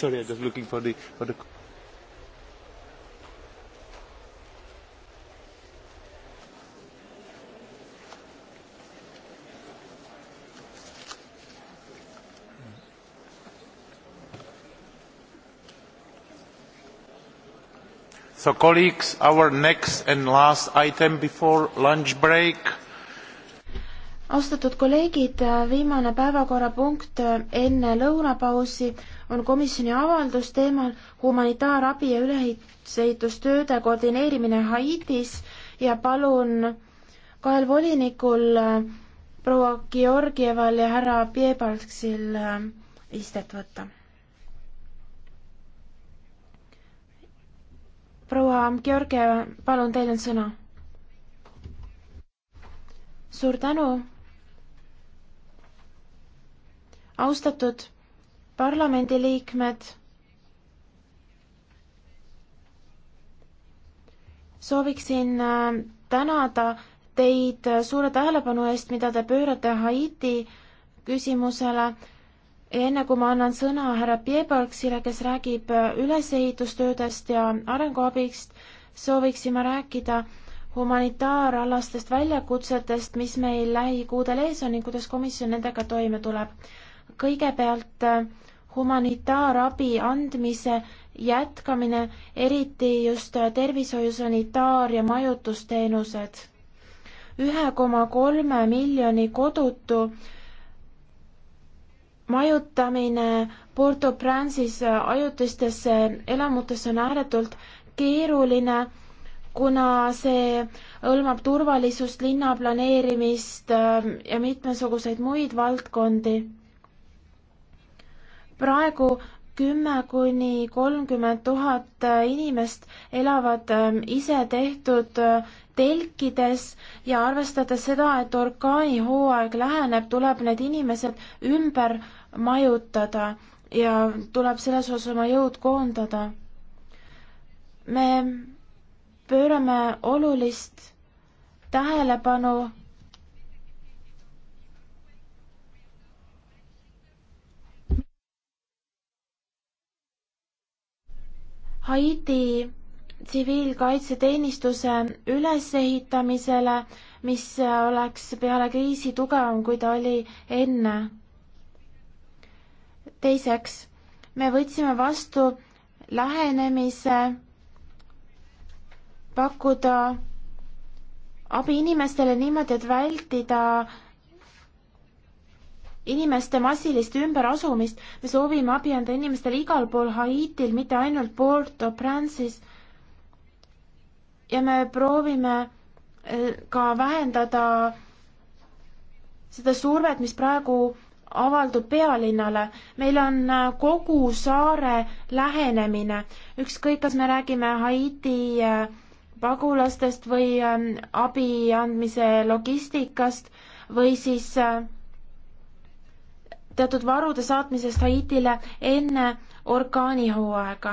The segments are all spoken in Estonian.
sorry, I'm just looking for the, for the So, colleagues, our next and last item before lunch break. austatud kolleegid, viimane päevakorrapunkt enne lõunapausi on komisjoni avaldus teemal humanitaarabi ja ülesehitustööde koordineerimine Haitis ja palun kahel volinikul äh, proua Georgieval ja härra Piebalksil äh, istet võtta. proua Georgieva, palun, teil on sõna. suur tänu. austatud parlamendiliikmed, sooviksin äh, tänada teid suure tähelepanu eest, mida te pöörate Haiti küsimusele. enne kui ma annan sõna härra Piebalgsile, kes räägib äh, ülesehitustöödest ja arenguabist, sooviksime rääkida humanitaaralastest väljakutsetest, mis meil lähikuudel ees on ning kuidas komisjon nendega toime tuleb. kõigepealt äh, humanitaarabi andmise jätkamine, eriti just tervishoiu, sanitaar- ja majutusteenused. ühe koma kolme miljoni kodutu majutamine Porto Prancis ajutistesse elamutesse on ääretult keeruline, kuna see hõlmab turvalisust, linnaplaneerimist ähm, ja mitmesuguseid muid valdkondi praegu kümme kuni kolmkümmend tuhat inimest elavad ähm, isetehtud äh, telkides ja arvestades seda, et orkaanihooaeg läheneb, tuleb need inimesed ümber majutada ja tuleb selles osas oma jõud koondada. me pöörame olulist tähelepanu Haiti tsiviilkaitseteenistuse ülesehitamisele, mis oleks peale kriisi tugevam, kui ta oli enne. teiseks, me võtsime vastu lähenemise pakkuda abi inimestele niimoodi, et vältida inimeste massilist ümberasumist, me soovime abi anda inimestele igal pool Haitil, mitte ainult Port-au-Prince'is. ja me proovime eh, ka vähendada seda survet, mis praegu avaldub pealinnale. meil on eh, kogu saare lähenemine, ükskõik, kas me räägime Haiti eh, pagulastest või abi andmise logistikast või siis äh, teatud varude saatmisest Haitile enne orkaanihooaega.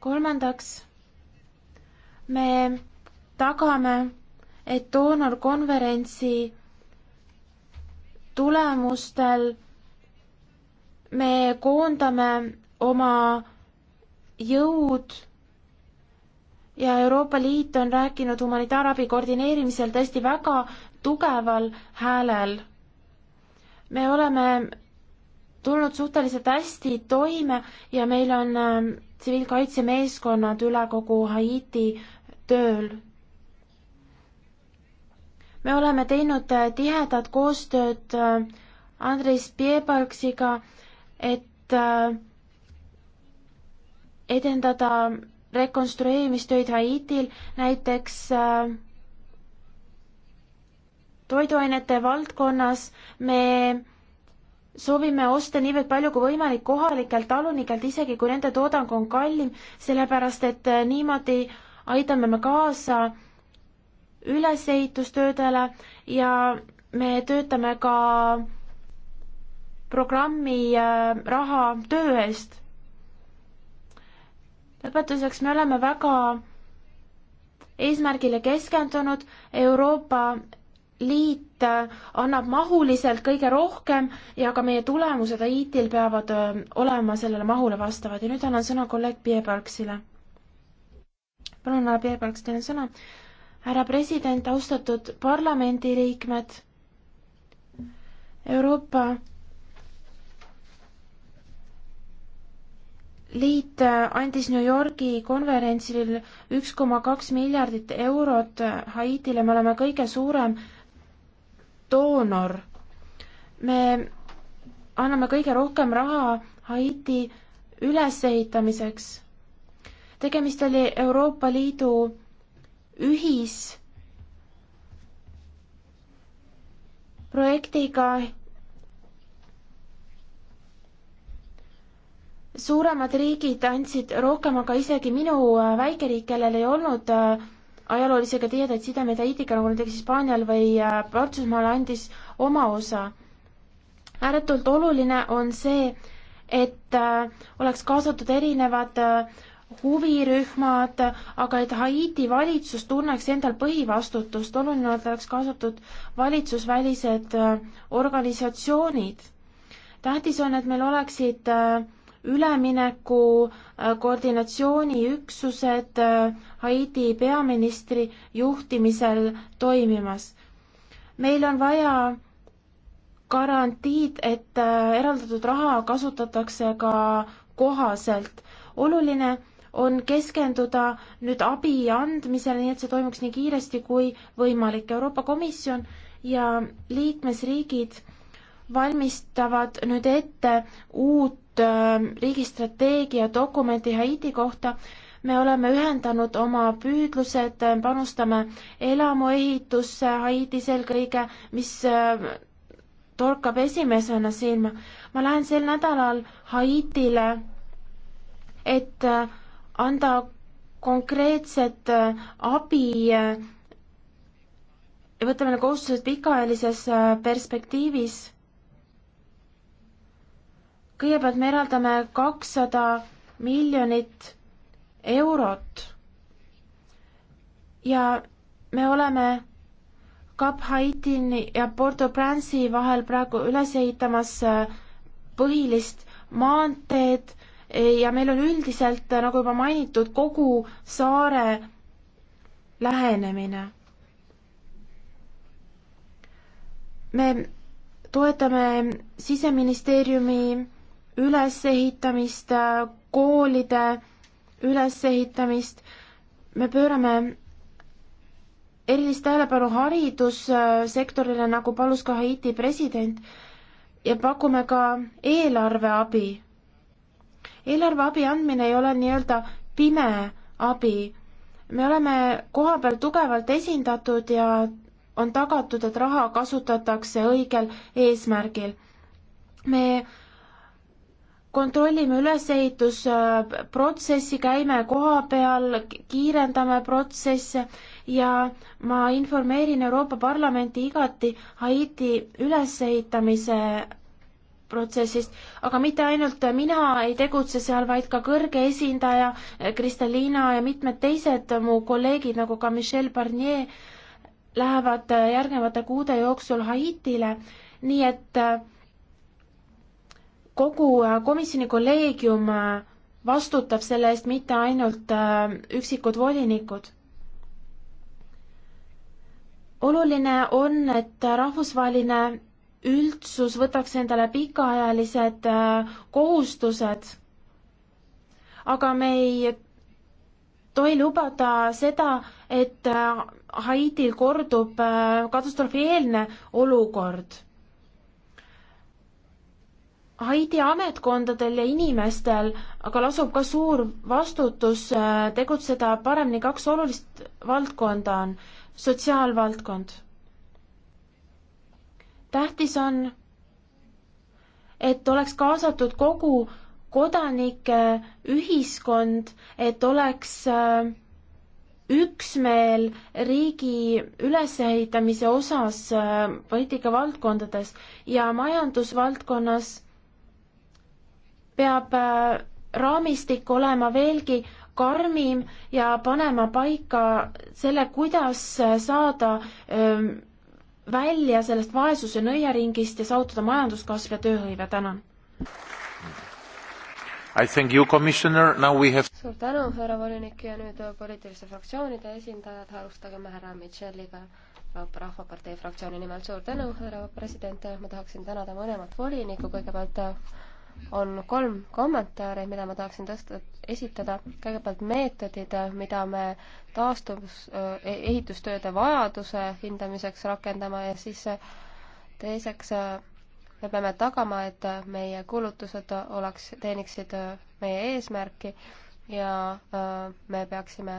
kolmandaks, me tagame, et doonorkonverentsi tulemustel me koondame oma jõud ja Euroopa Liit on rääkinud humanitaarabi koordineerimisel tõesti väga tugeval häälel me oleme tulnud suhteliselt hästi toime ja meil on ähm, tsiviilkaitsemeeskonnad üle kogu Haiti tööl. me oleme teinud äh, tihedat koostööd äh, Andres Piebalksiga, et äh, edendada rekonstrueerimistöid Haitil, näiteks äh, toiduainete valdkonnas me soovime osta niivõrd palju kui võimalik kohalikelt talunikelt, isegi kui nende toodang on kallim, sellepärast et äh, niimoodi aitame me kaasa ülesehitustöödele ja me töötame ka programmi äh, raha töö eest. lõpetuseks, me oleme väga eesmärgile keskendunud Euroopa liit annab mahuliselt kõige rohkem ja ka meie tulemused EIT-il peavad äh, olema sellele mahule vastavad ja nüüd annan sõna kolleeg Piebalgsile. palun, härra Piebalgs, teil on sõna. härra president, austatud parlamendiliikmed, Euroopa liit äh, andis New Yorgi konverentsil üks koma kaks miljardit eurot äh, Haitile, me oleme kõige suurem doonor. me anname kõige rohkem raha Haiti ülesehitamiseks. tegemist oli Euroopa Liidu ühisprojektiga suuremad riigid andsid rohkem, aga isegi minu väikeriik, kellel ei olnud äh, ajaloolisega tihedaid sidemeid Haitiga, nagu näiteks Hispaanial või äh, Prantsusmaal, andis oma osa. ääretult oluline on see, et äh, oleks kaasatud erinevad äh, huvirühmad, aga et Haiti valitsus tunneks endal põhivastutust, oluline, et oleks kaasatud valitsusvälised organisatsioonid. tähtis on, et meil oleksid äh, ülemineku äh, koordinatsiooniüksused äh, Haiti peaministri juhtimisel toimimas. meil on vaja garantiid, et äh, eraldatud raha kasutatakse ka kohaselt. oluline on keskenduda nüüd abi andmisele, nii et see toimuks nii kiiresti kui võimalik. Euroopa Komisjon ja liikmesriigid valmistavad nüüd ette uut äh, riigi strateegiadokumenti Haiti kohta. me oleme ühendanud oma püüdlused, äh, panustame elamuehitusse Haitis eelkõige, mis äh, torkab esimesena silma. ma lähen sel nädalal Haitile, et anda konkreetset abi ja võtame need kohustused pikaajalises perspektiivis kõigepealt me eraldame kakssada miljonit eurot ja me oleme Cap Haitini ja Porto Pransi vahel praegu üles ehitamas äh, põhilist maanteed äh, ja meil on üldiselt, äh, nagu juba mainitud, kogu saare lähenemine. me toetame siseministeeriumi ülesehitamist, koolide ülesehitamist, me pöörame erilist tähelepanu haridussektorile, nagu palus ka Haiti president, ja pakume ka eelarveabi. eelarveabi andmine ei ole nii-öelda pime abi. me oleme kohapeal tugevalt esindatud ja on tagatud, et raha kasutatakse õigel eesmärgil. me kontrollime ülesehitusprotsessi, käime koha peal, kiirendame protsesse ja ma informeerin Euroopa Parlamenti igati Haiti ülesehitamise protsessist, aga mitte ainult mina ei tegutse seal, vaid ka kõrge esindaja Kristalina ja mitmed teised mu kolleegid, nagu ka Michel Barnier, lähevad järgnevate kuude jooksul Haitile, nii et äh, kogu äh, komisjoni kolleegium äh, vastutab selle eest mitte ainult äh, üksikud volinikud. oluline on, et rahvusvaheline üldsus võtaks endale pikaajalised kohustused, aga me ei tohi lubada seda, et Haitil kordub katastrofieelne olukord Haidi ametkondadel ja inimestel aga lasub ka suur vastutus äh, tegutseda paremini, kaks olulist valdkonda on sotsiaalvaldkond. tähtis on, et oleks kaasatud kogu kodanike ühiskond, et oleks äh, üksmeel riigi ülesehitamise osas äh, poliitikavaldkondades ja majandusvaldkonnas peab äh, raamistik olema veelgi karmim ja panema paika selle, kuidas äh, saada ähm, välja sellest vaesuse nõiaringist ja saavutada majanduskasv ja tööhõive, tänan. I thank you, commissioner, now we have suur tänu, härra volinik ja nüüd äh, poliitiliste fraktsioonide esindajad, alustageme härra Micheliga Rahvapartei fraktsiooni nimel, suur tänu, härra president, ma tahaksin tänada mõlemat volinikku, kõigepealt on kolm kommentaari, mida ma tahaksin tõsta, esitada. kõigepealt meetodid, mida me taastuvus, e-, ehitustööde vajaduse hindamiseks rakendama ja siis äh, teiseks äh, me peame tagama, et meie kulutused oleks, teeniksid äh, meie eesmärki ja me peaksime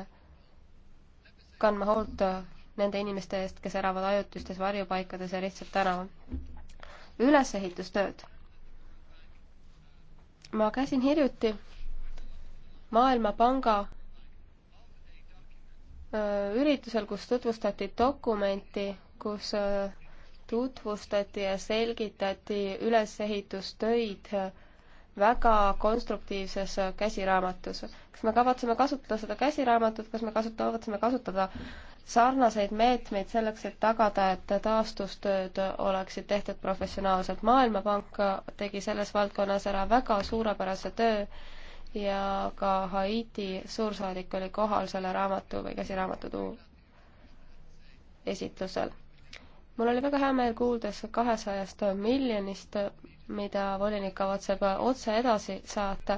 kandma hoolt nende inimeste eest, kes elavad ajutistes varjupaikades ja lihtsalt tänaval. ülesehitustööd ma käisin hiljuti Maailmapanga üritusel, kus tutvustati dokumenti, kus tutvustati ja selgitati ülesehitustöid väga konstruktiivses käsiraamatus. kas me kavatseme kasutada seda käsiraamatut, kas me kasut-, kavatseme kasutada sarnaseid meetmeid selleks, et tagada, et taastustööd oleksid tehtud professionaalselt. maailmapank tegi selles valdkonnas ära väga suurepärase töö ja ka Haiti suursaadik oli kohal selle raamatu või käsiraamatu esitlusel mul oli väga hea meel kuulda see kahesajast miljonist mida volinik kavatseb otse edasi saata.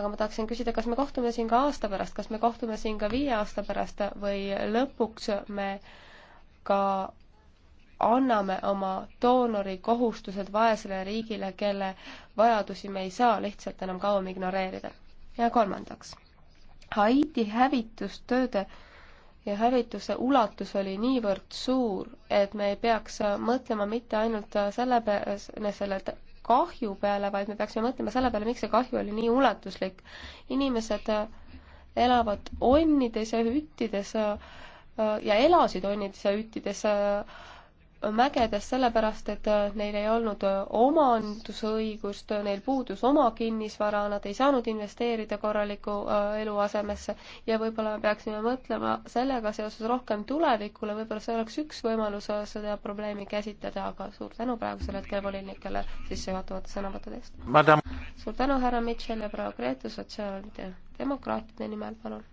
aga ma tahaksin küsida, kas me kohtume siin ka aasta pärast, kas me kohtume siin ka viie aasta pärast või lõpuks me ka anname oma doonori kohustused vaesele riigile, kelle vajadusi me ei saa lihtsalt enam kauem ignoreerida. ja kolmandaks, Haiti hävitustööde ja hävituse ulatus oli niivõrd suur, et me ei peaks mõtlema mitte ainult selle, selle kahju peale, vaid me peaksime mõtlema selle peale, miks see kahju oli nii ulatuslik. inimesed äh, elavad onnides ja hüttides äh, äh, ja elasid onnides ja hüttides mägedes sellepärast, et äh, neil ei olnud äh, omandusõigust, neil puudus oma kinnisvara, nad ei saanud investeerida korralikku äh, eluasemesse ja võib-olla me peaksime mõtlema sellega seoses rohkem tulevikule, võib-olla see oleks üks võimalus seda probleemi käsitleda, aga suur tänu praegusel hetkel volinikele sissejuhatavate sõnavõttude eest. suur tänu, härra Mitchell ja proua Gretu sotsiaaldemokraatide nimel, palun.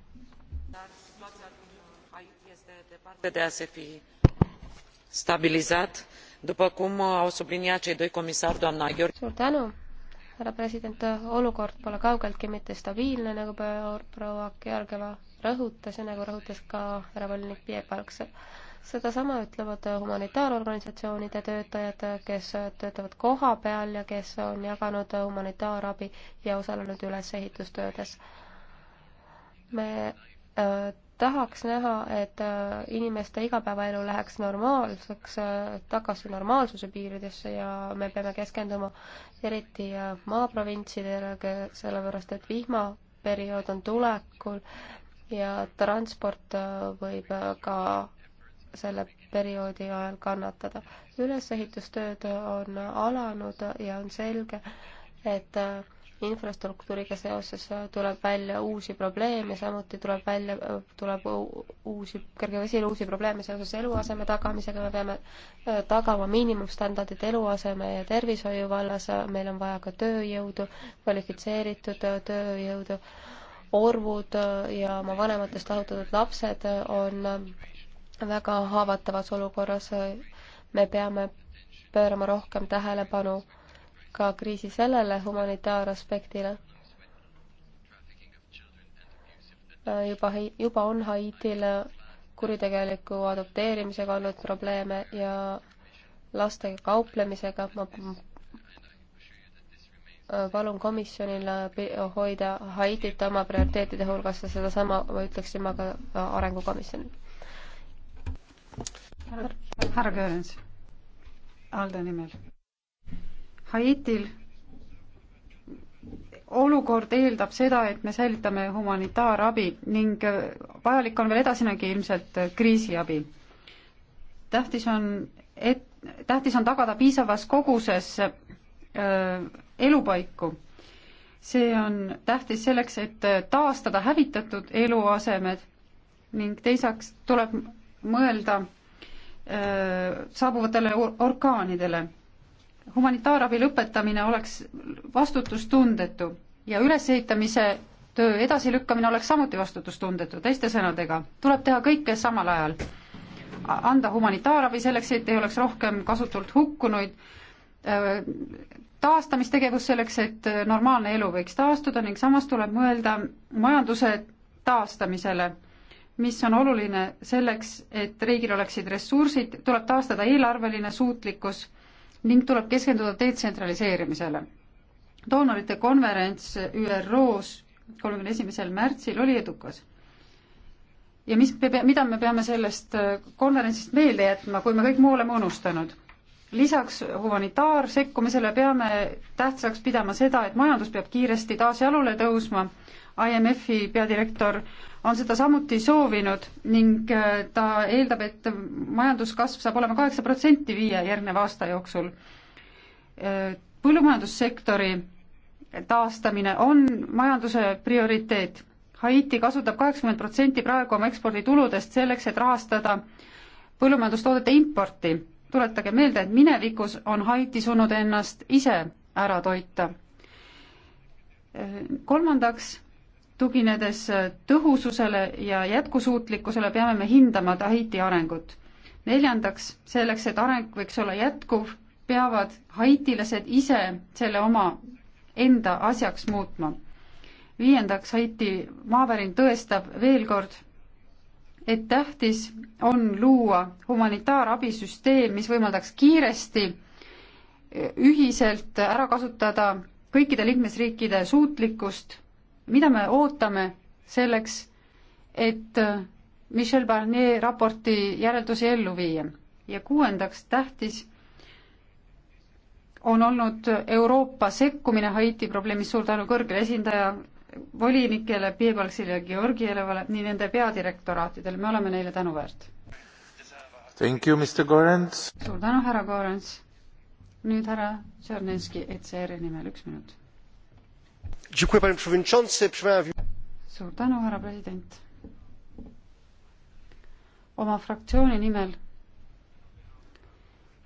departe de a se fi stabilizat după cum uh, au subliniat cei doi comisari doamna Gheorghe härra president, olukord pole kaugeltki mitte stabiilne, nagu proua Georgieva rõhutas ja nagu rõhutas ka härra volinik Piebalgs. sedasama ütlevad humanitaarorganisatsioonide töötajad, kes töötavad koha peal ja kes on jaganud humanitaarabi ja osalenud ülesehitustöödes. me äh, tahaks näha, et äh, inimeste igapäevaelu läheks normaalseks, äh, tagasi normaalsuse piiridesse ja me peame keskenduma eriti äh, maaprovintsidele, sellepärast et vihmaperiood on tulekul ja transport võib ka selle perioodi ajal kannatada. ülesehitustööd on alanud ja on selge, et infrastruktuuriga seoses tuleb välja uusi probleeme, samuti tuleb välja, tuleb uusi, Kõrgevesile uusi probleeme seoses eluaseme tagamisega, me peame äh, tagama miinimumstandardid eluaseme ja tervishoiu vallas, meil on vaja ka tööjõudu, kvalifitseeritud äh, tööjõudu, orvud äh, ja oma vanematest lahutatud lapsed on väga haavatavas olukorras, me peame pöörama rohkem tähelepanu ka kriisi sellele humanitaaraspektile. juba, juba on Haitil kuritegeliku adopteerimisega olnud probleeme ja lastega kauplemisega. ma palun komisjonil hoida Haitit oma prioriteetide hulgas ja sedasama ma ütleksin ma ka arengukomisjonile. härra Köörens, Alde nimel Haitil olukord eeldab seda, et me säilitame humanitaarabi ning äh, vajalik on veel edasinegi ilmselt äh, kriisiabi. tähtis on, et, tähtis on tagada piisavas koguses öö, äh, elupaiku. see on tähtis selleks, et taastada hävitatud eluasemed ning teisaks tuleb mõelda öö, saabuvatele orkaanidele humanitaarabi lõpetamine oleks vastutustundetu ja ülesehitamise töö edasilükkamine oleks samuti vastutustundetu, teiste sõnadega, tuleb teha kõike samal ajal. anda humanitaarabi selleks, et ei oleks rohkem kasutult hukkunuid, taastamistegevus selleks, et normaalne elu võiks taastuda ning samas tuleb mõelda majanduse taastamisele, mis on oluline selleks, et riigil oleksid ressursid, tuleb taastada eelarveline suutlikkus ning tuleb keskenduda detsentraliseerimisele. doonorite konverents ÜRO-s kolmekümne esimesel märtsil oli edukas. ja mis, mida me peame sellest äh, konverentsist meelde jätma, kui me kõik muu oleme unustanud? lisaks humanitaarsekkumisele peame tähtsaks pidama seda, et majandus peab kiiresti taas jalule tõusma. IMF-i peadirektor on seda samuti soovinud ning äh, ta eeldab, et majanduskasv saab olema kaheksa protsenti viie järgneva aasta jooksul. Äh, põllumajandussektori taastamine on majanduse prioriteet. Haiti kasutab kaheksakümmend protsenti praegu oma ekspordituludest selleks, et rahastada põllumajandustoodete importi. tuletage meelde, et minevikus on Haiti suutnud ennast ise ära toita. Äh, kolmandaks tuginedes tõhususele ja jätkusuutlikkusele peame me hindama Tahiti arengut. neljandaks, selleks, et areng võiks olla jätkuv, peavad haitilased ise selle oma enda asjaks muutma. viiendaks, Haiti maavärin tõestab veel kord, et tähtis on luua humanitaarabisüsteem, mis võimaldaks kiiresti ühiselt ära kasutada kõikide liikmesriikide suutlikkust mida me ootame selleks, et Michel Barnier raporti järeldusi ellu viia. ja kuuendaks tähtis on olnud Euroopa sekkumine Haiti probleemis, suur tänu kõrgele esindaja volinikele, Piebalgsile ja Georgievale, nii nende peadirektoraatidele, me oleme neile tänuväärt. Thank you, Mr Gorens. suur tänu, härra Gorens. nüüd härra Tšernenski ECR-i nimel, üks minut suur tänu, härra president. oma fraktsiooni nimel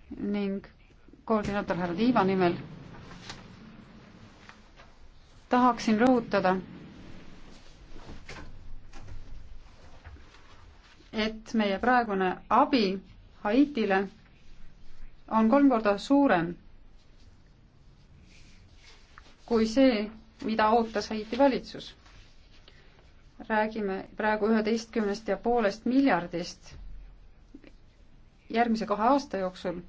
ning koordinaator härra Tiiva nimel tahaksin rõhutada, et meie praegune abi Haitile on kolm korda suurem kui see, mida ootas Haiti valitsus. räägime praegu üheteistkümnest ja poolest miljardist järgmise kahe aasta jooksul.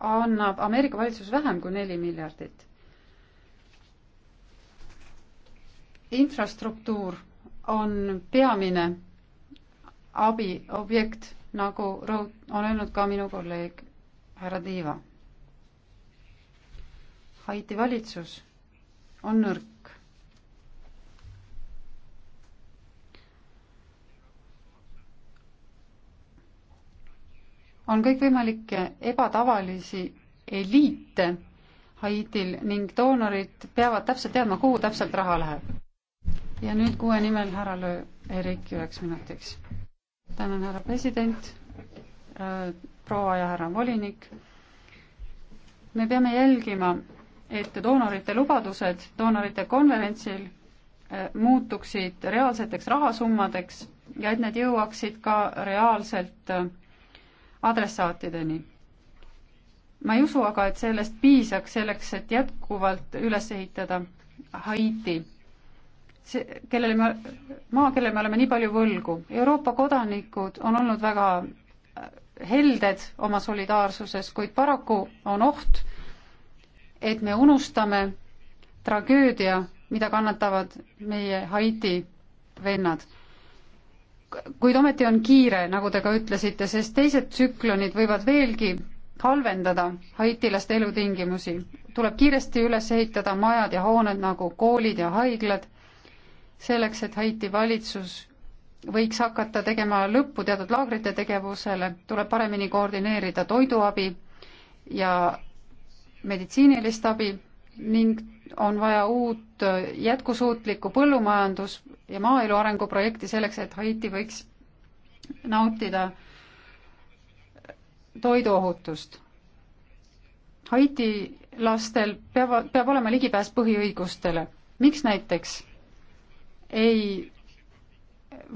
annab Ameerika valitsus vähem kui neli miljardit. infrastruktuur on peamine abiobjekt nagu rõhut-, on öelnud ka minu kolleeg härra Tiiva. Haiti valitsus on nõrk. on kõikvõimalikke ebatavalisi eliite Haitil ning doonorid peavad täpselt teadma, kuhu täpselt raha läheb. ja nüüd kuue nimel härra Löö, Erik, üheks minutiks tänan, härra president, äh, proua ja härra volinik. me peame jälgima, et doonorite lubadused doonorite konverentsil äh, muutuksid reaalseteks rahasummadeks ja et need jõuaksid ka reaalselt äh, adressaatideni. ma ei usu aga, et sellest piisaks selleks, et jätkuvalt üles ehitada Haiti see, kellele me, maa, kellele me oleme nii palju võlgu. Euroopa kodanikud on olnud väga äh, helded oma solidaarsuses, kuid paraku on oht, et me unustame tragöödia, mida kannatavad meie Haiti vennad. kuid ometi on kiire, nagu te ka ütlesite, sest teised tsüklonid võivad veelgi halvendada haitilaste elutingimusi. tuleb kiiresti üles ehitada majad ja hooned nagu koolid ja haiglad selleks, et Haiti valitsus võiks hakata tegema lõppu teatud laagrite tegevusele, tuleb paremini koordineerida toiduabi ja meditsiinilist abi ning on vaja uut jätkusuutlikku põllumajandus- ja maaelu arenguprojekti selleks, et Haiti võiks nautida toiduohutust. Haiti lastel peavad, peab olema ligipääs põhiõigustele. miks näiteks ei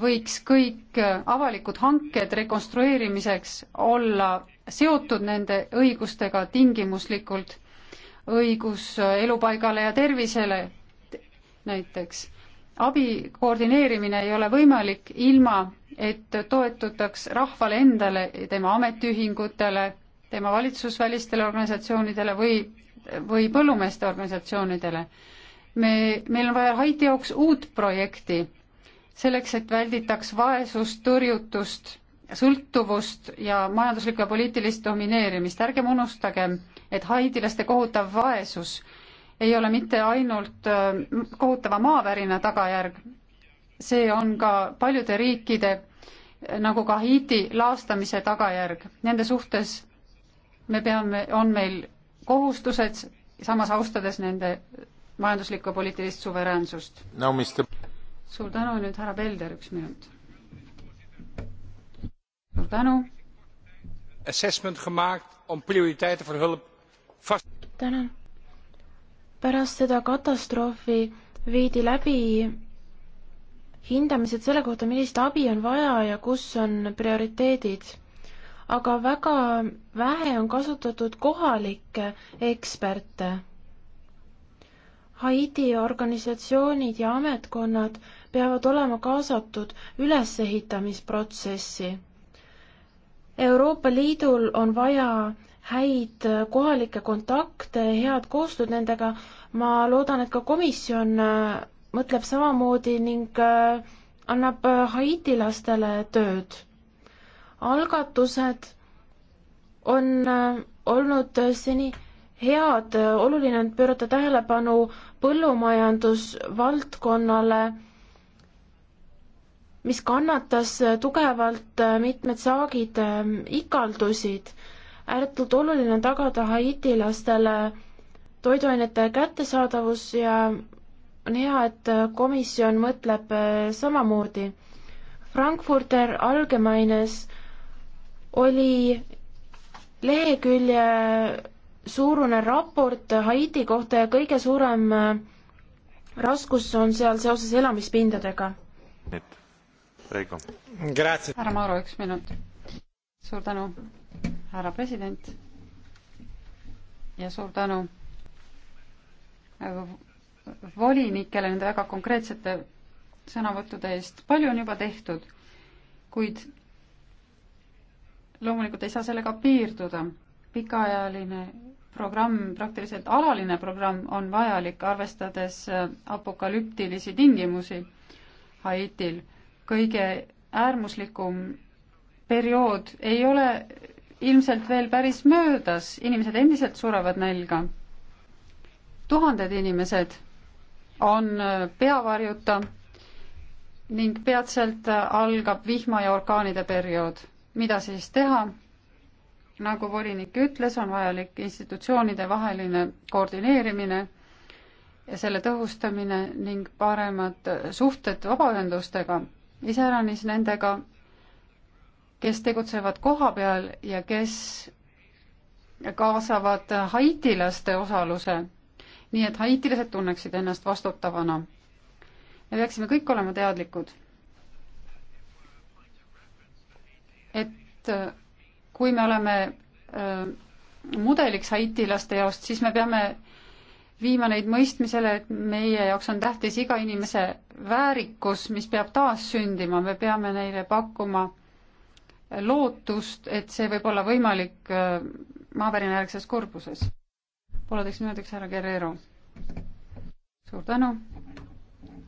võiks kõik avalikud hanked rekonstrueerimiseks olla seotud nende õigustega tingimuslikult, õigus elupaigale ja tervisele näiteks. abi koordineerimine ei ole võimalik ilma, et toetutaks rahvale endale, tema ametiühingutele, tema valitsusvälistele organisatsioonidele või, või põllumeeste organisatsioonidele me, meil on vaja Haiti jaoks uut projekti, selleks et välditaks vaesust, tõrjutust, sõltuvust ja majanduslikku ja poliitilist domineerimist. ärgem unustagem, et haidilaste kohutav vaesus ei ole mitte ainult äh, kohutava maavärina tagajärg, see on ka paljude riikide äh, nagu ka Haiti laastamise tagajärg. Nende suhtes me peame, on meil kohustused, samas austades nende majanduslikku ja poliitilist suveräänsust no,. suur tänu, nüüd härra Pelder, üks minut. suur tänu. tänan. pärast seda katastroofi viidi läbi hindamised selle kohta, millist abi on vaja ja kus on prioriteedid. aga väga vähe on kasutatud kohalikke eksperte. Haiti organisatsioonid ja ametkonnad peavad olema kaasatud ülesehitamisprotsessi. Euroopa Liidul on vaja häid kohalikke kontakte, head koostööd nendega. ma loodan, et ka komisjon äh, mõtleb samamoodi ning äh, annab äh, haitilastele tööd. algatused on olnud seni head, oluline on pöörata tähelepanu põllumajandusvaldkonnale, mis kannatas tugevalt, mitmed saagid ähm, ikaldusid. ääretult oluline on tagada haitilastele toiduainete kättesaadavus ja on hea, et komisjon mõtleb äh, samamoodi. Frankfurter Allgemeines oli lehekülje suurune raport Haiti kohta ja kõige suurem äh, raskus on seal seoses elamispindadega. härra Maaro, üks minut. suur tänu, härra president. ja suur tänu äh, volinikele nende väga konkreetsete sõnavõttude eest. palju on juba tehtud, kuid loomulikult ei saa sellega piirduda. pikaajaline programm, praktiliselt alaline programm on vajalik, arvestades äh, apokalüptilisi tingimusi Haitil. kõige äärmuslikum periood ei ole ilmselt veel päris möödas, inimesed endiselt surevad nälga. tuhanded inimesed on äh, peavarjuta ning peatselt äh, algab vihma ja orkaanide periood. mida siis teha? nagu volinik ütles, on vajalik institutsioonide vaheline koordineerimine ja selle tõhustamine ning paremad suhted vabaühendustega, iseäranis nendega, kes tegutsevad kohapeal ja kes kaasavad haitilaste osaluse, nii et haitilased tunneksid ennast vastutavana. me peaksime kõik olema teadlikud, et kui me oleme mudeliks haitilaste jaoks, siis me peame viima neid mõistmisele, et meie jaoks on tähtis iga inimese väärikus, mis peab taassündima, me peame neile pakkuma lootust, et see võib olla võimalik maavärinajärgses kurbuses. pooleteist minutiks, härra Guerrero. suur tänu,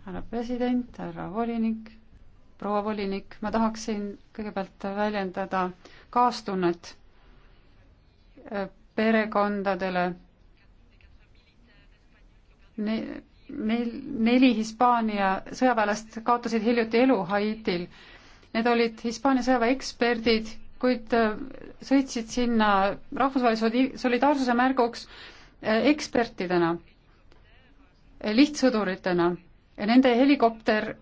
härra president, härra volinik, proua volinik, ma tahaksin kõigepealt väljendada äh, kaastunnet äh, perekondadele. Neil, neli Hispaania sõjaväelast kaotasid hiljuti elu Haitil. Need olid Hispaania sõjaväe eksperdid, kuid äh, sõitsid sinna rahvusvahelise solidaarsuse märguks äh, ekspertidena, lihtsõduritena. Nende helikopter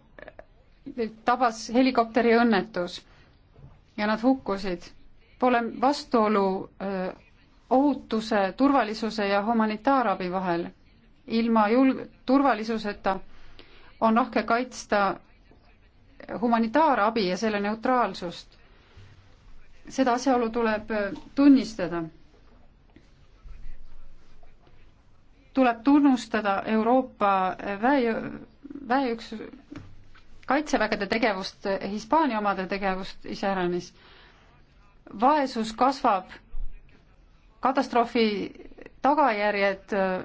tabas helikopteriõnnetus ja nad hukkusid pole vastuolu ohutuse, turvalisuse ja humanitaarabi vahel. ilma julg-, turvalisuseta on rahke kaitsta humanitaarabi ja selle neutraalsust. seda asjaolu tuleb tunnistada. tuleb tunnustada Euroopa väe, väeüks-, kaitsevägede tegevust, Hispaania omade tegevust iseäranis vaesus kasvab, katastroofi tagajärjed äh,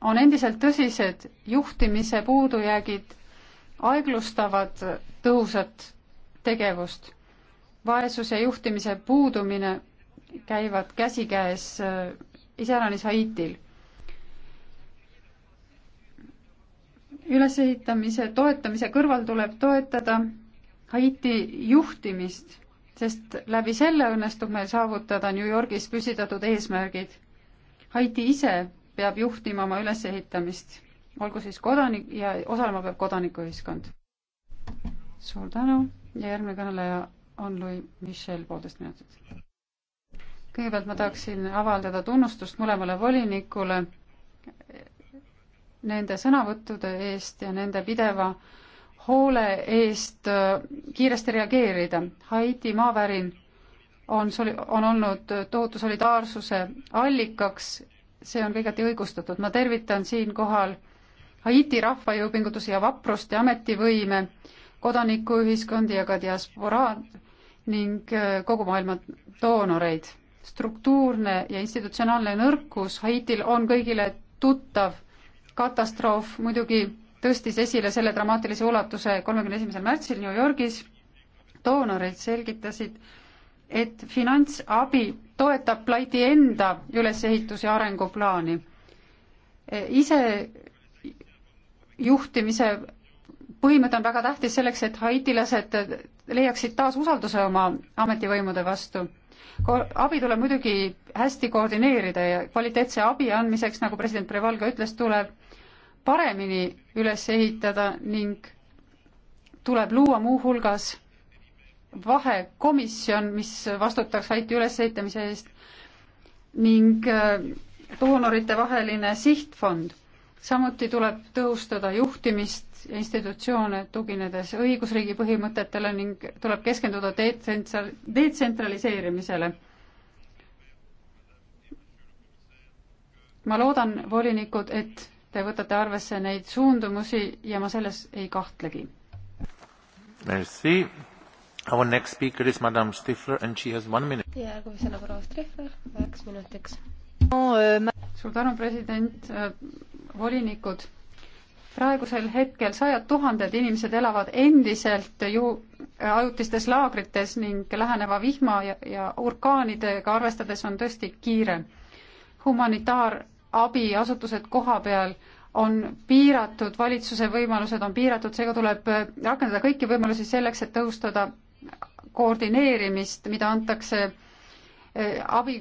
on endiselt tõsised, juhtimise puudujäägid aeglustavad tõhusat tegevust. vaesus ja juhtimise puudumine käivad käsikäes äh, iseäranis Haitil. ülesehitamise toetamise kõrval tuleb toetada Haiti juhtimist sest läbi selle õnnestub meil saavutada New Yorgis püsitatud eesmärgid. Haiti ise peab juhtima oma ülesehitamist, olgu siis kodanik ja osalema peab kodanikuühiskond. suur tänu ja järgmine kõneleja on Louis Michel, poolteist minutit. kõigepealt ma tahaksin avaldada tunnustust mõlemale volinikule nende sõnavõttude eest ja nende pideva äh, hoole eest äh, kiiresti reageerida. Haiti maavärin on, on olnud tohutu solidaarsuse allikaks, see on kõigati õigustatud. ma tervitan siinkohal Haiti rahva jõupingutusi ja vaprust ja ametivõime, kodanikuühiskondi ja ka diasporaad ning äh, kogu maailma doonoreid. struktuurne ja institutsionaalne nõrkus Haitil on kõigile tuttav katastroof muidugi tõstis esile selle dramaatilise ulatuse kolmekümne esimesel märtsil New Yorgis. doonorid selgitasid, et finantsabi toetab Blighti enda ülesehitus- ja arenguplaani. E, ise juhtimise põhimõte on väga tähtis selleks, et haitilased leiaksid taas usalduse oma ametivõimude vastu. abi tuleb muidugi hästi koordineerida ja kvaliteetse abi andmiseks, nagu president Prevalga ütles, tuleb paremini üles ehitada ning tuleb luua muuhulgas vahekomisjon, mis vastutaks haiti ülesehitamise eest ning äh, doonorite vaheline sihtfond. samuti tuleb tõhustada juhtimist ja institutsioone, tuginedes õigusriigi põhimõtetele ning tuleb keskenduda detsentsal-, detsentraliseerimisele. ma loodan, volinikud, et te võtate arvesse neid suundumusi ja ma selles ei kahtlegi. Merci. Our next speaker is Madame Stifler and she has one minute. ja järgmisena proua Stifler üheks minutiks no,. suur tänu, president, äh, volinikud. praegusel hetkel sajad tuhanded inimesed elavad endiselt ju äh, ajutistes laagrites ning läheneva vihma ja, ja orkaanidega arvestades on tõesti kiire. humanitaar abiasutused koha peal on piiratud, valitsuse võimalused on piiratud, seega tuleb rakendada kõiki võimalusi selleks, et tõhustada koordineerimist, mida antakse eh, abi,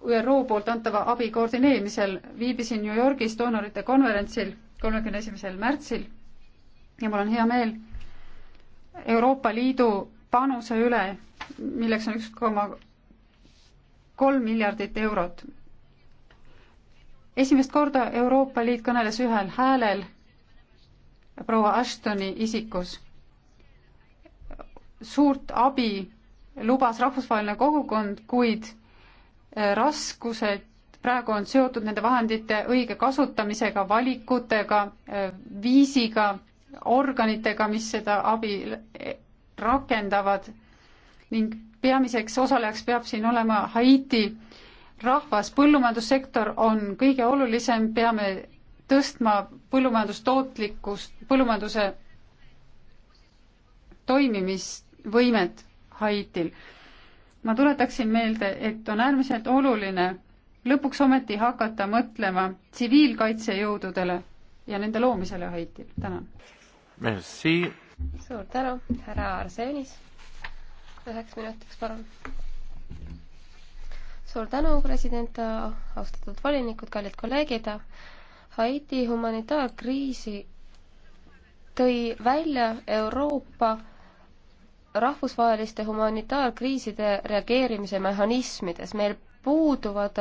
ÜRO poolt antava abi koordineerimisel. viibisin New Yorgis doonorite konverentsil kolmekümne esimesel märtsil ja mul on hea meel Euroopa Liidu panuse üle, milleks on üks koma kolm miljardit eurot esimest korda Euroopa Liit kõneles ühel häälel proua Ashtoni isikus. suurt abi lubas rahvusvaheline kogukond, kuid äh, raskused praegu on seotud nende vahendite õige kasutamisega, valikutega, äh, viisiga, organitega, mis seda abi äh, rakendavad ning peamiseks osalejaks peab siin olema Haiti rahvas, põllumajandussektor on kõige olulisem, peame tõstma põllumajandustootlikkust, põllumajanduse toimimisvõimet Haitil. ma tuletaksin meelde, et on äärmiselt oluline lõpuks ometi hakata mõtlema tsiviilkaitsejõududele ja nende loomisele Haitil. tänan. Merci. suur tänu, härra Arsenis. üheks minutiks, palun suur tänu, president, austatud volinikud, kallid kolleegid. Haiti humanitaarkriisi tõi välja Euroopa rahvusvaheliste humanitaarkriiside reageerimise mehhanismides. meil puuduvad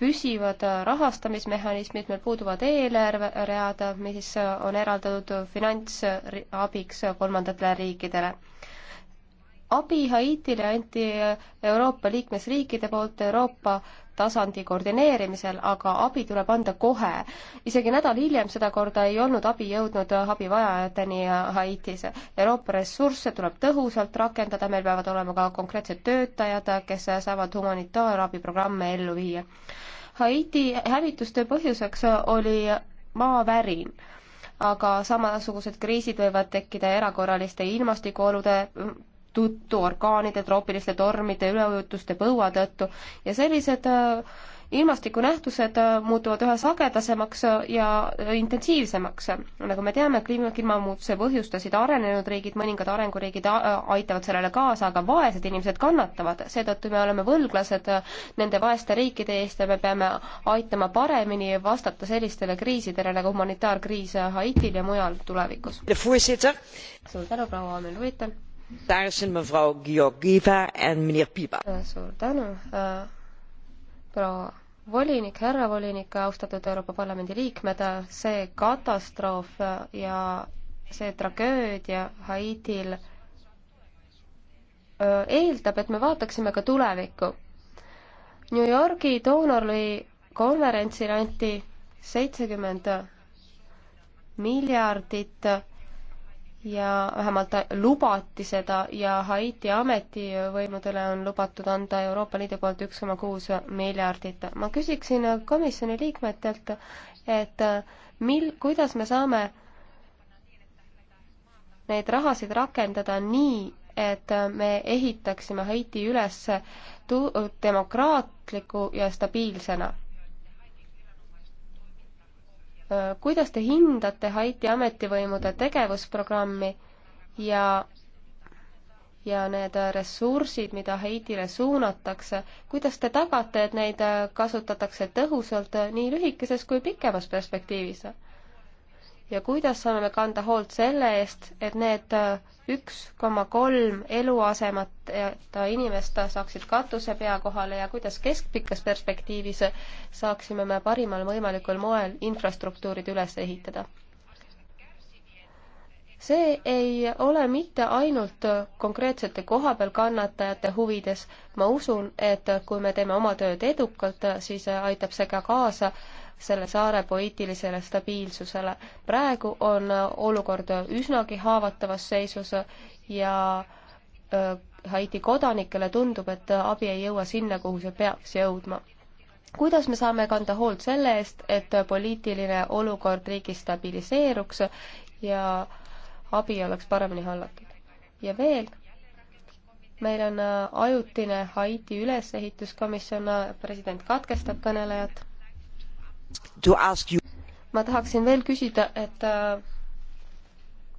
püsivad rahastamismehhanismid, meil puuduvad eelarveread, mis on eraldatud finantsabiks kolmandatele riikidele abi Haitile anti Euroopa liikmesriikide poolt Euroopa tasandi koordineerimisel, aga abi tuleb anda kohe. isegi nädal hiljem sedakorda ei olnud abi jõudnud abivajajateni Haitis. Euroopa ressursse tuleb tõhusalt rakendada, meil peavad olema ka konkreetsed töötajad, kes saavad humanitaarabiprogramme ellu viia. Haiti hävitustöö põhjuseks oli maavärin aga samasugused kriisid võivad tekkida erakorraliste ilmastikuolude tõttu, orkaanide, troopiliste tormide, üleujutuste, põua tõttu ja sellised äh, ilmastikunähtused äh, muutuvad üha sagedasemaks äh, ja intensiivsemaks. nagu me teame, kliimamuutuse põhjustasid arenenud riigid, mõningad arenguriigid aitavad sellele kaasa, aga vaesed inimesed kannatavad, seetõttu me oleme võlglased nende vaeste riikide eest ja me peame aitama paremini vastata sellistele kriisidele nagu humanitaarkriis Haitil ja mujal tulevikus. suur tänu, proua Amel Võitel! commissarissen mevrouw Georgieva en meneer Piiba. suur tänu, äh, proua volinik, härra volinik, austatud Euroopa Parlamendi liikmed, see katastroof ja see tragöödia Haitil äh, eeldab, et me vaataksime ka tulevikku. New Yorgi doonorlõi konverentsil anti seitsekümmend miljardit ja vähemalt lubati seda ja Haiti ametivõimudele on lubatud anda Euroopa Liidu poolt üks koma kuus miljardit. ma küsiksin komisjoni liikmetelt, et mil-, kuidas me saame neid rahasid rakendada nii, et me ehitaksime Haiti üles tu-, demokraatliku ja stabiilsena kuidas te hindate Haiti ametivõimude tegevusprogrammi ja, ja need ressursid, mida Haitile suunatakse, kuidas te tagate, et neid kasutatakse tõhusalt nii lühikeses kui pikemas perspektiivis? ja kuidas saame me kanda hoolt selle eest, et need äh, üks koma kolm eluasemata äh, inimest äh, saaksid katuse pea kohale ja kuidas keskpikas perspektiivis saaksime me parimal võimalikul moel infrastruktuurid üles ehitada? see ei ole mitte ainult konkreetsete kohapeal kannatajate huvides, ma usun, et kui me teeme oma tööd edukalt, siis aitab see ka kaasa selle saare poliitilisele stabiilsusele. praegu on äh, olukord üsnagi haavatavas seisus ja äh, Haiti kodanikele tundub, et äh, abi ei jõua sinna, kuhu see peaks jõudma. kuidas me saame kanda hoolt selle eest, et poliitiline olukord riigis stabiliseeruks ja abi oleks paremini hallatud? ja veel meil on ajutine Haiti ülesehituskomisjon, president katkestab kõnelejat ma tahaksin veel küsida, et äh,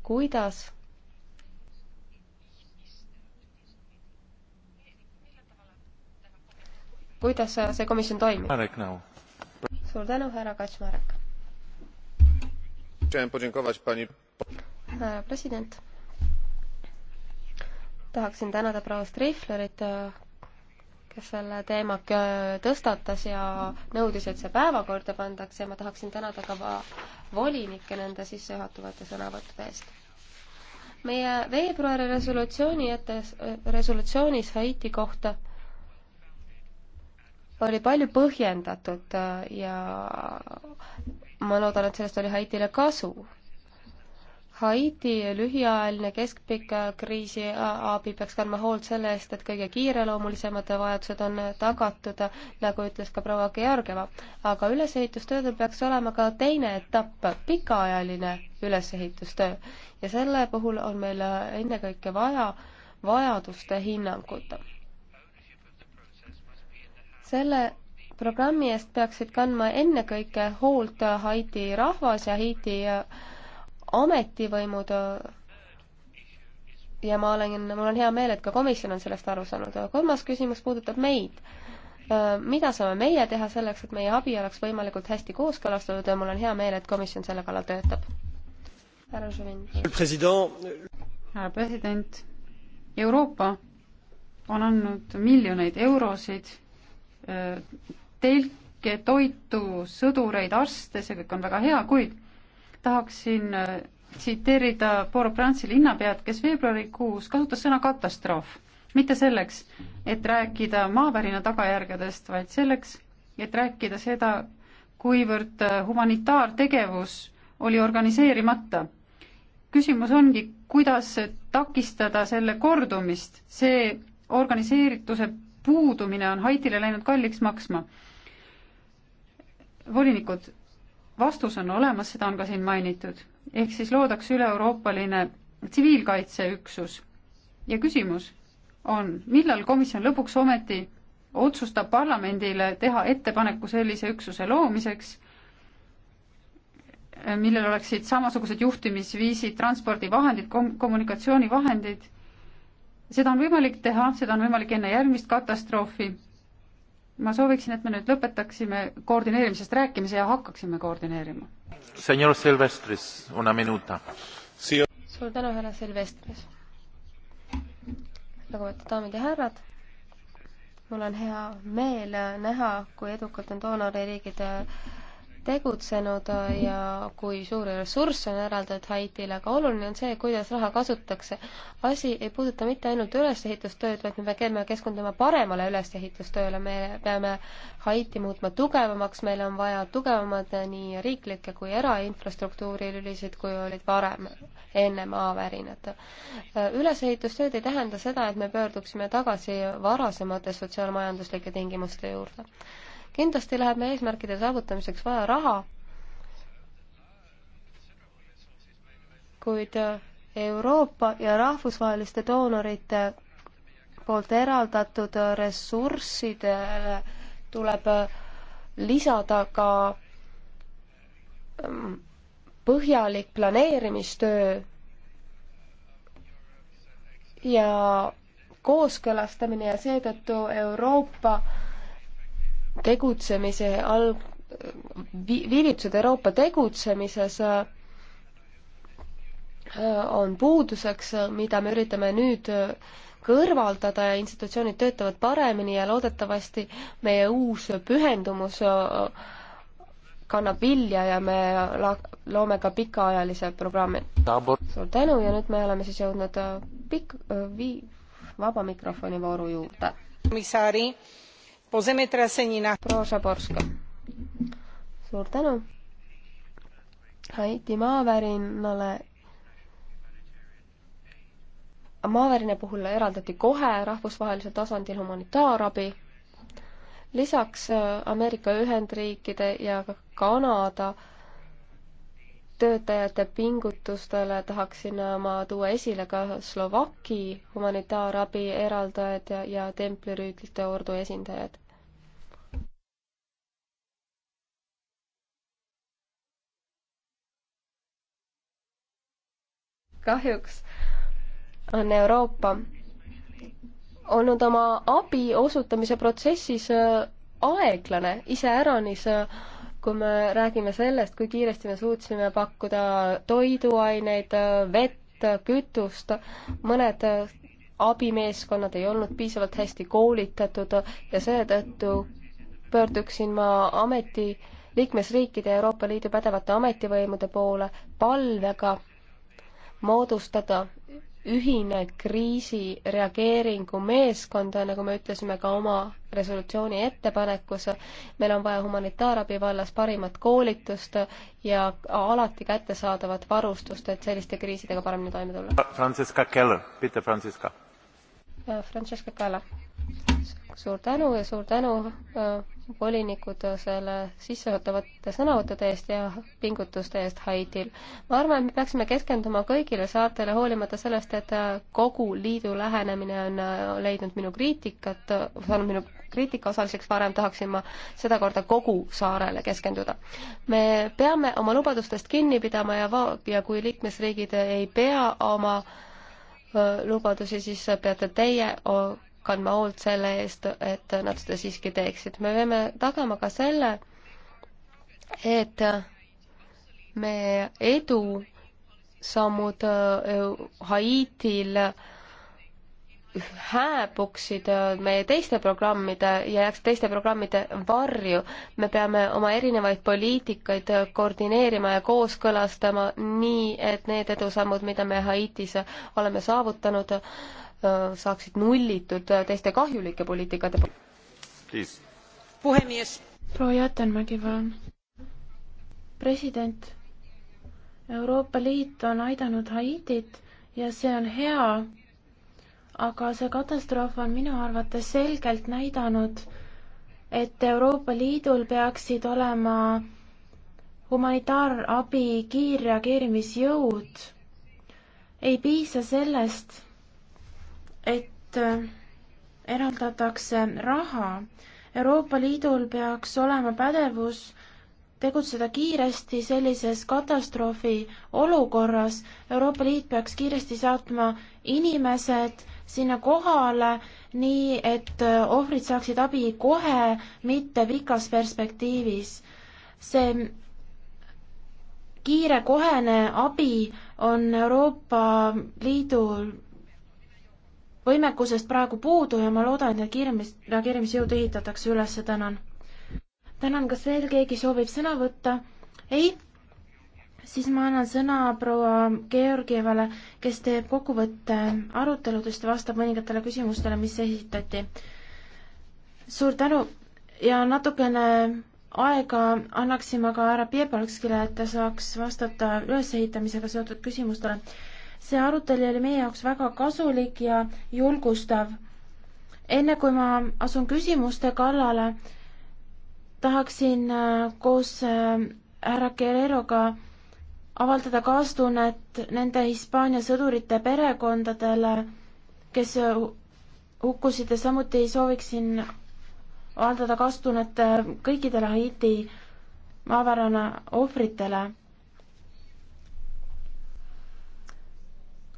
kuidas kuidas see komisjon toimib? suur tänu, härra Kaczmarek. härra president, tahaksin tänada proua Strihlerit äh, kes selle teema tõstatas ja nõudis, et see päevakorda pandakse ja ma tahaksin tänada ka volinikke nende sissejuhatavate sõnavõttude eest. meie veebruari resolutsiooni ette, resolutsioonis Haiti kohta oli palju põhjendatud äh, ja ma loodan, et sellest oli Haitile kasu Haiti lühiajaline keskpika kriisi abi peaks kandma hoolt selle eest, et kõige kiireloomulisemad vajadused on tagatud, nagu ütles ka proua Georgieva. aga ülesehitustöödel peaks olema ka teine etapp, pikaajaline ülesehitustöö. ja selle puhul on meil ennekõike vaja vajaduste hinnangut. selle programmi eest peaksid kandma ennekõike hoolt Haiti rahvas ja Haiti ametivõimud äh, ja ma olen, mul on hea meel, et ka komisjon on sellest aru saanud. kolmas küsimus puudutab meid. Äh, mida saame meie teha selleks, et meie abi oleks võimalikult hästi kooskõlastatud ja mul on hea meel, et komisjon selle kallal töötab. härra Žuvin. härra president, Euroopa on andnud miljoneid eurosid äh, telke, toitu, sõdureid, arste, see kõik on väga hea, kuid tahaksin äh, tsiteerida Port-au-Prince'i linnapead, kes veebruarikuus kasutas sõna katastroof. mitte selleks, et rääkida maavärina tagajärgedest, vaid selleks, et rääkida seda, kuivõrd äh, humanitaartegevus oli organiseerimata. küsimus ongi, kuidas takistada selle kordumist, see organiseerituse puudumine on Haitile läinud kalliks maksma. volinikud vastus on olemas, seda on ka siin mainitud. ehk siis loodakse üle-euroopaline tsiviilkaitseüksus. ja küsimus on, millal komisjon lõpuks ometi otsustab parlamendile teha ettepaneku sellise üksuse loomiseks, millel oleksid samasugused juhtimisviisid, transpordivahendid, kommunikatsioonivahendid, seda on võimalik teha, seda on võimalik enne järgmist katastroofi ma sooviksin, et me nüüd lõpetaksime koordineerimisest rääkimise ja hakkaksime koordineerima. Senor Silvestris, una minuta. suur tänu, härra Silvestris. lugupeetud daamid ja härrad, mul on hea meel näha, kui edukalt on doonoririigid äh, tegutsenud äh, ja kui suuri ressursse on eraldatud Haitile, aga oluline on see, kuidas raha kasutatakse. asi ei puuduta mitte ainult ülesehitustööd, vaid me peame keskenduma paremale ülesehitustööle, me peame Haiti muutma tugevamaks, meil on vaja tugevamad äh, nii riiklikke kui erainfrastruktuuri lülisid, kui olid varem, enne maavärinat. Äh, ülesehitustööd ei tähenda seda, et me pöörduksime tagasi varasemate sotsiaalmajanduslike tingimuste juurde kindlasti läheb meie eesmärkide saavutamiseks vaja raha, kuid äh, Euroopa ja rahvusvaheliste doonorite poolt eraldatud äh, ressurssidele äh, tuleb lisada ka ähm, põhjalik planeerimistöö ja kooskõlastamine ja seetõttu Euroopa tegutsemise alg-, viivitused Euroopa tegutsemises äh, on puuduseks, mida me üritame nüüd kõrvaldada ja institutsioonid töötavad paremini ja loodetavasti meie uus pühendumus äh, kannab vilja ja me loome ka pikaajalise programmi. suur tänu ja nüüd me oleme siis jõudnud äh, pikk, vii-, vaba mikrofoni vooru juurde. komissari po zemetrasení na... proua Šaborska. suur tänu. Haiti maavärinale maavärina puhul eraldati kohe rahvusvahelisel tasandil humanitaarabi. lisaks äh, Ameerika Ühendriikide ja Kanada töötajate pingutustele tahaksin ma tuua esile ka Slovaki humanitaarabi eraldajad ja, ja templirüütlite ordu esindajad. kahjuks on Euroopa olnud oma abi osutamise protsessis äh, aeglane, iseäranis äh, kui me räägime sellest, kui kiiresti me suutsime pakkuda toiduaineid, äh, vett, kütust, mõned abimeeskonnad ei olnud piisavalt hästi koolitatud ja seetõttu pöörduksin ma ameti, liikmesriikide Euroopa Liidu pädevate ametivõimude poole palvega moodustada ühine kriisireageeringu meeskond, nagu me ütlesime ka oma resolutsiooni ettepanekus, meil on vaja humanitaarabi vallas parimat koolitust ja alati kättesaadavat varustust, et selliste kriisidega paremini toime tulla. Francesca Keller, mitte Francesca. Äh, Francesca Keller suur tänu ja suur tänu äh, volinikud selle sissejuhatavate sõnavõttude eest ja pingutuste eest Haitil. ma arvan, et me peaksime keskenduma kõigile saartele, hoolimata sellest, et äh, kogu liidu lähenemine on äh, leidnud minu kriitikat, saanud minu kriitika osaliseks, varem tahaksin ma sedakorda kogu saarele keskenduda. me peame oma lubadustest kinni pidama ja, ja kui liikmesriigid ei pea oma lubadusi, siis peate teie kandma hoolt selle eest, et nad seda siiski teeksid. me peame tagama ka selle, et me edusammud äh, Haitil hääbuksid äh, meie teiste programmide ja jääks teiste programmide varju. me peame oma erinevaid poliitikaid äh, koordineerima ja kooskõlastama nii, et need edusammud, mida me Haitis oleme saavutanud, saaksid nullitud teiste kahjulike poliitikate puhemies proua Jätenmägi, palun. president, Euroopa Liit on aidanud Haitit ja see on hea, aga see katastroof on minu arvates selgelt näidanud, et Euroopa Liidul peaksid olema humanitaarabi kiirreageerimisjõud. ei piisa sellest et äh, eraldatakse raha. Euroopa Liidul peaks olema pädevus tegutseda kiiresti sellises katastroofi olukorras. Euroopa Liit peaks kiiresti saatma inimesed sinna kohale, nii et äh, ohvrid saaksid abi kohe, mitte pikas perspektiivis. see kiire kohene abi on Euroopa Liidul võimekusest praegu puudu ja ma loodan, et need kiiremis, reageerimisjõud ehitatakse üles, tänan. tänan, kas veel keegi soovib sõna võtta? ei? siis ma annan sõna proua Georgievale, kes teeb kokkuvõtte aruteludest ja vastab mõningatele küsimustele, mis esitati. suur tänu ja natukene aega annaksime ka härra Piebalskile, et ta saaks vastata ülesehitamisega seotud küsimustele see arutelu oli meie jaoks väga kasulik ja julgustav. enne kui ma asun küsimuste kallale, tahaksin äh, koos äh, härra Guerreroga avaldada kaastunnet nende Hispaania sõdurite perekondadele, kes hukkusid ja samuti sooviksin avaldada kaastunnet äh, kõikidele Haiti maavärana ohvritele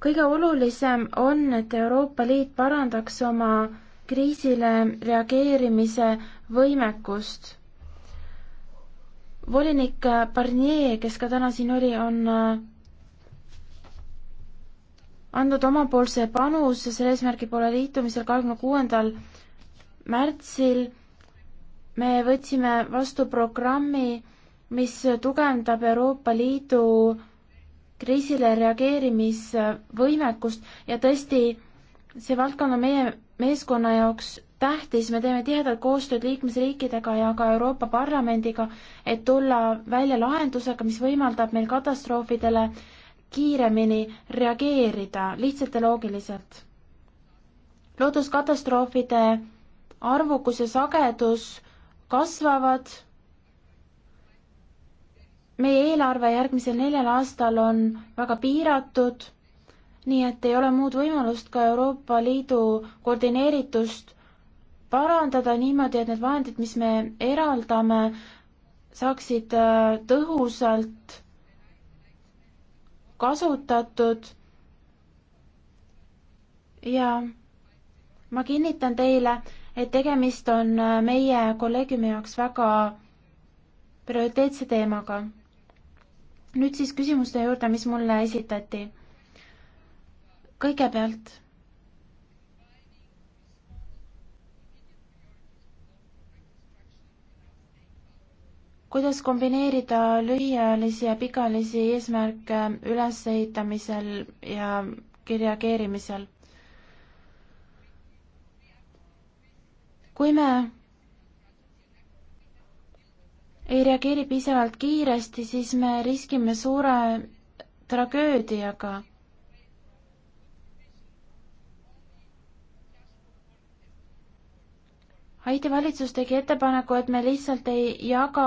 kõige olulisem on, et Euroopa Liit parandaks oma kriisile reageerimise võimekust. volinik Barnier, kes ka täna siin oli, on äh, andnud omapoolse panuse selle eesmärgi poole liitumisel kahekümne kuuendal märtsil. me võtsime vastu programmi, mis tugevdab Euroopa Liidu kriisile reageerimisvõimekust ja tõesti, see valdkond on meie meeskonna jaoks tähtis, me teeme tihedat koostööd liikmesriikidega ja ka Euroopa Parlamendiga, et tulla välja lahendusega, mis võimaldab meil katastroofidele kiiremini reageerida, lihtsalt ja loogiliselt. looduskatastroofide arvukus ja sagedus kasvavad meie eelarve järgmisel neljal aastal on väga piiratud, nii et ei ole muud võimalust ka Euroopa Liidu koordineeritust parandada niimoodi, et need vahendid, mis me eraldame, saaksid äh, tõhusalt kasutatud. ja ma kinnitan teile, et tegemist on äh, meie kolleegiumi jaoks väga prioriteetse teemaga nüüd siis küsimuste juurde, mis mulle esitati. kõigepealt kuidas kombineerida lühiajalisi ja pikaajalisi eesmärke ülesehitamisel ja reageerimisel? kui me ei reageeri piisavalt kiiresti, siis me riskime suure tragöödiaga. Haiti valitsus tegi ettepaneku, et me lihtsalt ei jaga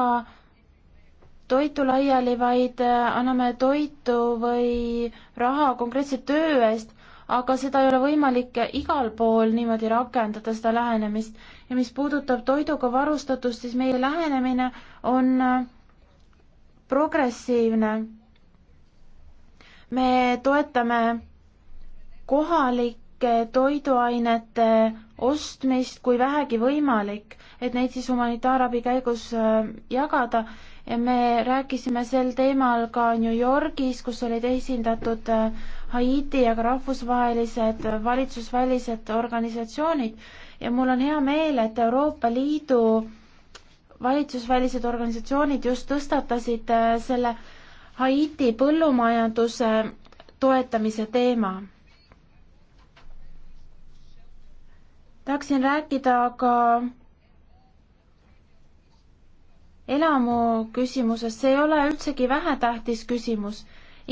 toitu laiali, vaid äh, anname toitu või raha konkreetse töö eest aga seda ei ole võimalik igal pool niimoodi rakendada, seda lähenemist. ja mis puudutab toiduga varustatust, siis meie lähenemine on äh, progressiivne. me toetame kohalike toiduainete ostmist, kui vähegi võimalik, et neid siis humanitaarabi käigus äh, jagada ja me rääkisime sel teemal ka New Yorgis, kus olid esindatud äh, Haiti ja ka rahvusvahelised valitsusvälised organisatsioonid ja mul on hea meel, et Euroopa Liidu valitsusvälised organisatsioonid just tõstatasid äh, selle Haiti põllumajanduse toetamise teema. tahaksin rääkida ka elamu küsimusest, see ei ole üldsegi vähetähtis küsimus.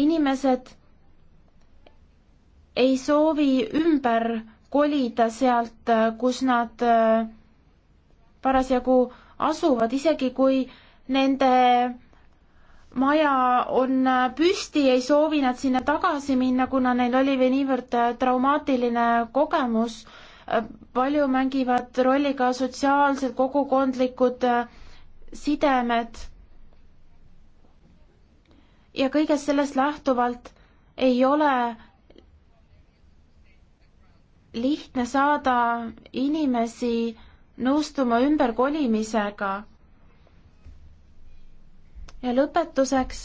inimesed ei soovi ümber kolida sealt, kus nad äh, parasjagu asuvad, isegi kui nende maja on äh, püsti, ei soovi nad sinna tagasi minna, kuna neil oli veel niivõrd äh, traumaatiline kogemus. palju mängivad rolli ka sotsiaalsed kogukondlikud sidemed. ja kõigest sellest lähtuvalt ei ole lihtne saada inimesi nõustuma ümberkolimisega. ja lõpetuseks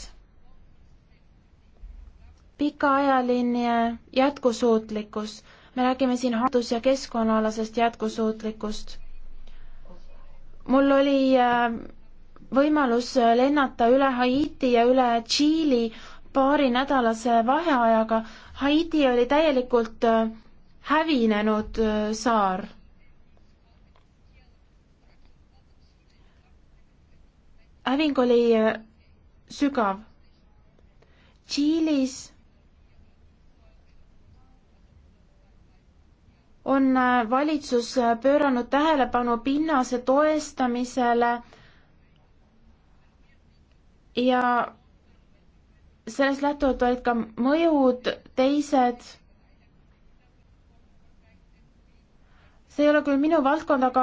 pikaajaline jätkusuutlikkus. me räägime siin haridus- ja keskkonnaalasest jätkusuutlikkust. mul oli äh, võimalus lennata üle Haiti ja üle Tšiili paarinädalase vaheajaga. Haiti oli täielikult äh, hävinenud äh, saar. häving oli äh, sügav. Tšiilis on äh, valitsus pööranud tähelepanu pinnase toestamisele ja sellest lähtuvalt olid ka mõjud teised see ei ole küll minu valdkond, aga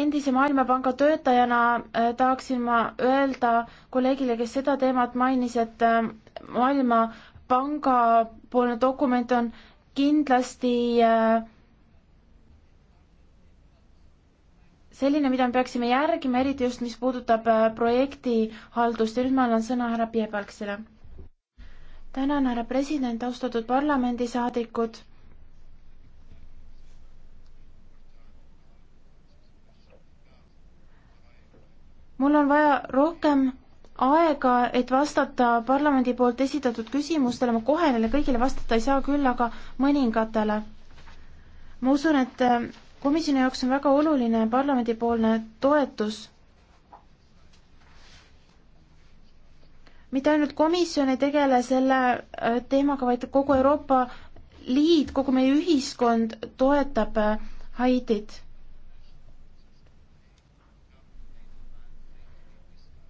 endise Maailmapanga töötajana äh, tahaksin ma öelda kolleegile, kes seda teemat mainis, et äh, Maailmapanga poolne dokument on kindlasti äh, selline, mida me peaksime järgima, eriti just, mis puudutab äh, projektihaldust ja nüüd ma annan sõna härra Piepalksile. tänan, härra president, austatud parlamendisaadikud. mul on vaja rohkem aega, et vastata parlamendi poolt esitatud küsimustele, ma kohe neile kõigile vastata ei saa, küll aga mõningatele. ma usun, et äh, komisjoni jaoks on väga oluline parlamendipoolne toetus. mitte ainult komisjon ei tegele selle äh, teemaga, vaid kogu Euroopa Liit, kogu meie ühiskond toetab äh, Haitit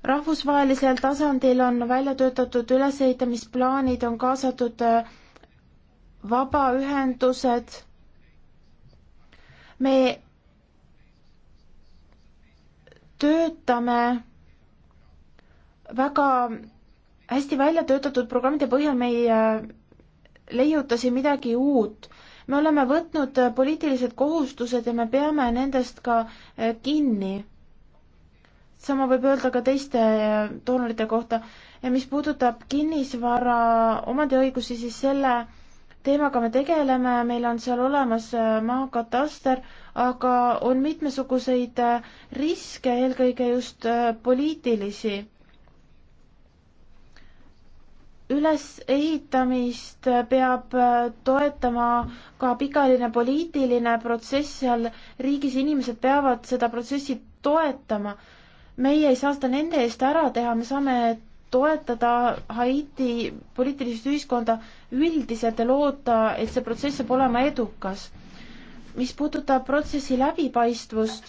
rahvusvahelisel tasandil on välja töötatud ülesehitamisplaanid, on kaasatud äh, vabaühendused. me töötame väga hästi välja töötatud programmide põhjal me ei äh, leiuta siin midagi uut. me oleme võtnud äh, poliitilised kohustused ja me peame nendest ka kinni sama võib öelda ka teiste doonorite kohta. ja mis puudutab kinnisvara omandiõigusi, siis selle teemaga me tegeleme, meil on seal olemas äh, maakataster, aga on mitmesuguseid äh, riske, eelkõige just äh, poliitilisi. ülesehitamist peab toetama ka pikaline poliitiline protsess seal riigis, inimesed peavad seda protsessi toetama meie ei saa seda nende eest ära teha, me saame toetada Haiti poliitilist ühiskonda üldiselt ja loota, et see protsess saab olema edukas. mis puudutab protsessi läbipaistvust,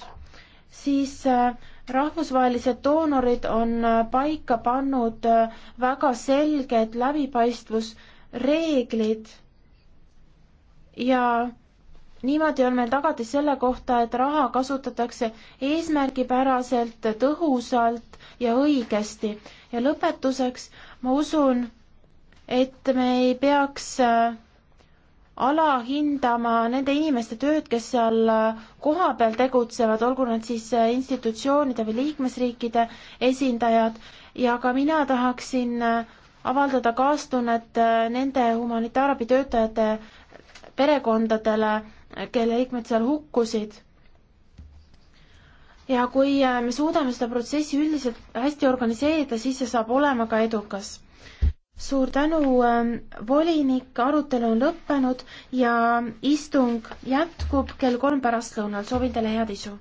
siis äh, rahvusvahelised doonorid on äh, paika pannud äh, väga selged läbipaistvusreeglid ja niimoodi on meil tagatis selle kohta, et raha kasutatakse eesmärgipäraselt, tõhusalt ja õigesti. ja lõpetuseks ma usun, et me ei peaks äh, alahindama nende inimeste tööd, kes seal äh, kohapeal tegutsevad, olgu nad siis äh, institutsioonide või liikmesriikide esindajad ja ka mina tahaksin avaldada kaastunnet nende humanitaarabitöötajate perekondadele kelle liikmed seal hukkusid. ja kui äh, me suudame seda protsessi üldiselt hästi organiseerida, siis see saab olema ka edukas. suur tänu, ähm, volinik, arutelu on lõppenud ja istung jätkub kell kolm pärastlõunal, soovin teile head isu!